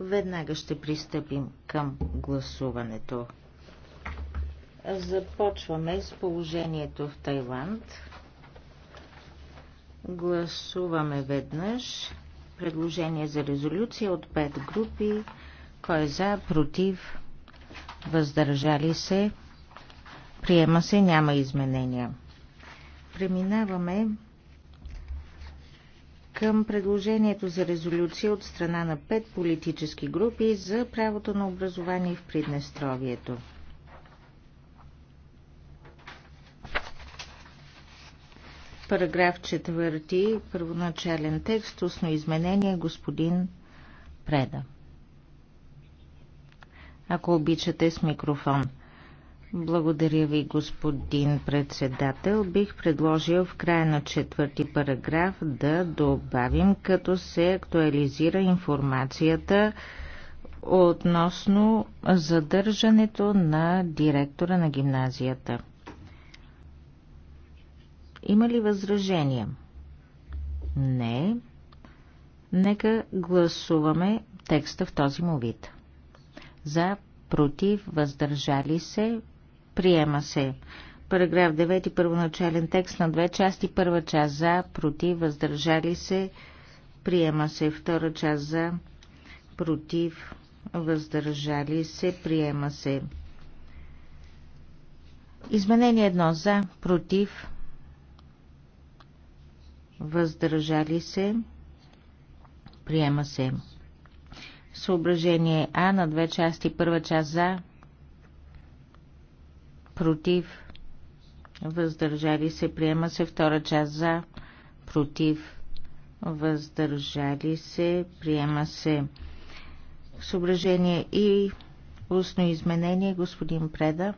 Веднага ще пристъпим към гласуването. Започваме с положението в Тайланд. Гласуваме веднъж предложение за резолюция от пет групи. Кой е за, против, въздържали се, приема се, няма изменения. Преминаваме към предложението за резолюция от страна на пет политически групи за правото на образование в Приднестровието. Параграф 4, първоначален текст, устно изменение, господин Преда. Ако обичате с микрофон. Благодаря ви, господин председател. Бих предложил в края на четвърти параграф да добавим, като се актуализира информацията относно задържането на директора на гимназията. Има ли възражения? Не. Нека гласуваме текста в този му вид. За, против, въздържали се, Приема се. Параграф 9. Първоначален текст на две части. Първа част за, против, въздържали се. Приема се. Втора част за, против, въздържали се. Приема се. Изменение едно за, против, въздържали се, приема се. Съображение А на две части, първа част за, против, въздържали се, приема се втора част за, против, въздържали се, приема се съображение и устно изменение, господин Преда.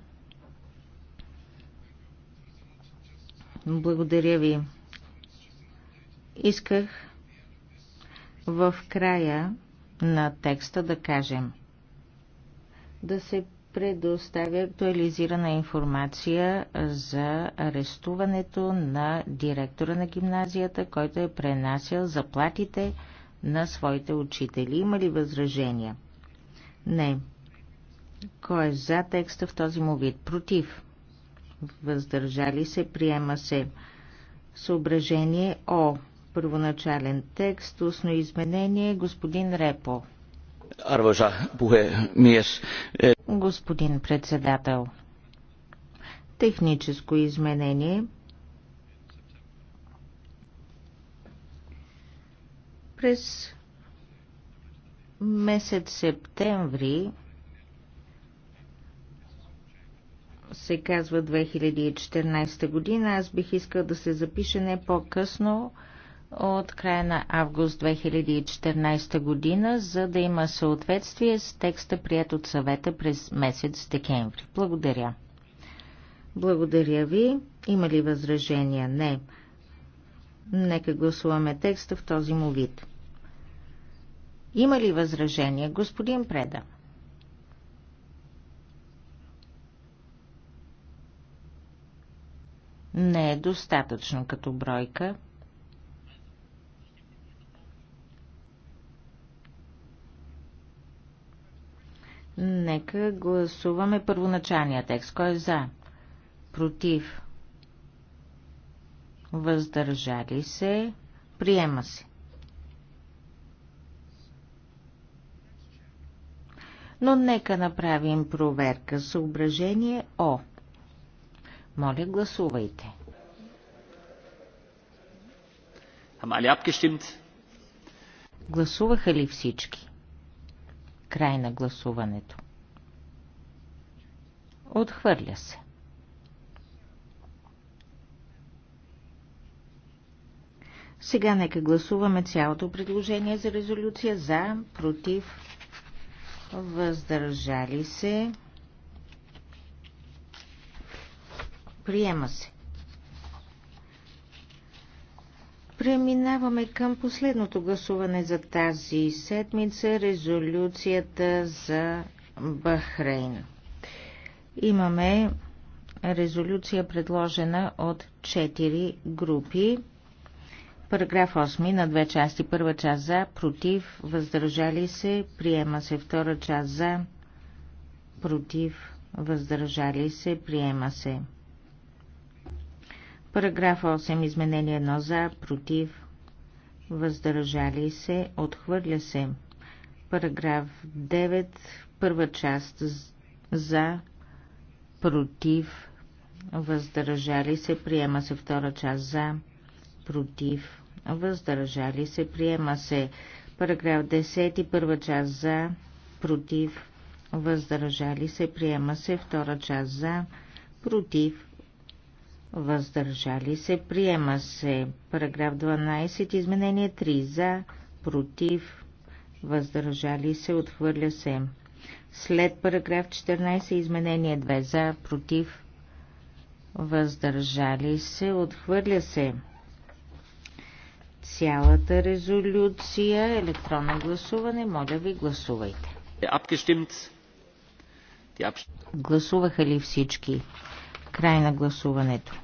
Благодаря ви. Исках в края на текста да кажем да се предоставя актуализирана информация за арестуването на директора на гимназията, който е пренасял заплатите на своите учители. Има ли възражения? Не. Кой е за текста в този му вид? Против. Въздържали се, приема се. Съображение О. Първоначален текст, устно изменение, господин Репо. Arvoisa puhemies, Господин председател, техническо изменение през месец септември се казва 2014 година, аз бих искал да се запише не по-късно от края на август 2014 година, за да има съответствие с текста, прият от съвета през месец декември. Благодаря. Благодаря ви. Има ли възражения? Не. Нека гласуваме текста в този му вид. Има ли възражения, господин Преда? Не е достатъчно като бройка. Нека гласуваме първоначалния текст. Кой е за? Против? Въздържали се? Приема се. Но нека направим проверка. Съображение О. Моля, гласувайте. Гласуваха ли всички? Край на гласуването. Отхвърля се. Сега нека гласуваме цялото предложение за резолюция за, против, въздържали се. Приема се. Преминаваме към последното гласуване за тази седмица резолюцията за Бахрейн. Имаме резолюция предложена от 4 групи. Параграф 8 на две части. Първа част за, против, въздържали се, приема се. Втора част за, против, въздържали се, приема се. Параграф 8. Изменение 1 за, против, въздържали се, отхвърля се. Параграф 9. Първа част за, против, въздържали се, приема се втора част за, против, въздържали се, приема се параграф 10, първа част за, против, въздържали се, приема се втора част за, против, въздържали се, приема се параграф 12, изменение 3 за, против, въздържали се, отхвърля се. След параграф 14 изменение 2 за, против, въздържали се, отхвърля се цялата резолюция. Електронно гласуване, моля ви, гласувайте. Гласуваха ли всички? Край на гласуването.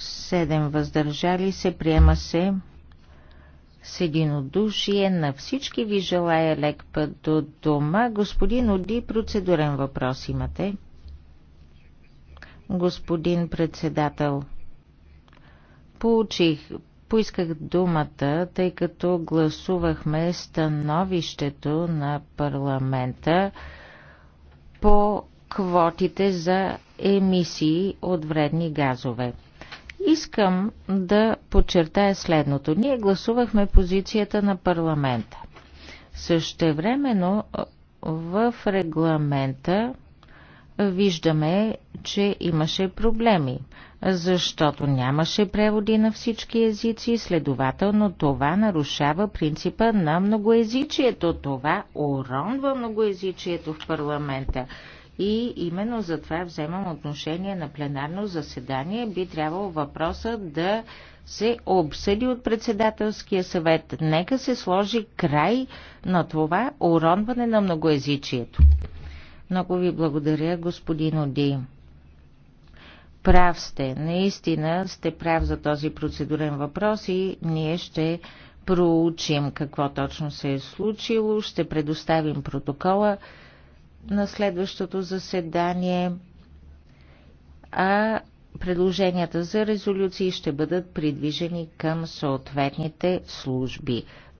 7 въздържали се, приема се с единодушие. На всички ви желая лек път до дома. Господин Оди, процедурен въпрос имате. Господин председател, получих, поисках думата, тъй като гласувахме становището на парламента по квотите за емисии от вредни газове. Искам да подчертая следното. Ние гласувахме позицията на парламента. Същевременно в регламента виждаме, че имаше проблеми, защото нямаше преводи на всички езици, следователно това нарушава принципа на многоезичието. Това уронва многоезичието в парламента. И именно за това вземам отношение на пленарно заседание. Би трябвало въпроса да се обсъди от председателския съвет. Нека се сложи край на това уронване на многоязичието. Много ви благодаря, господин Оди. Прав сте, наистина сте прав за този процедурен въпрос и ние ще проучим какво точно се е случило, ще предоставим протокола на следващото заседание, а предложенията за резолюции ще бъдат придвижени към съответните служби.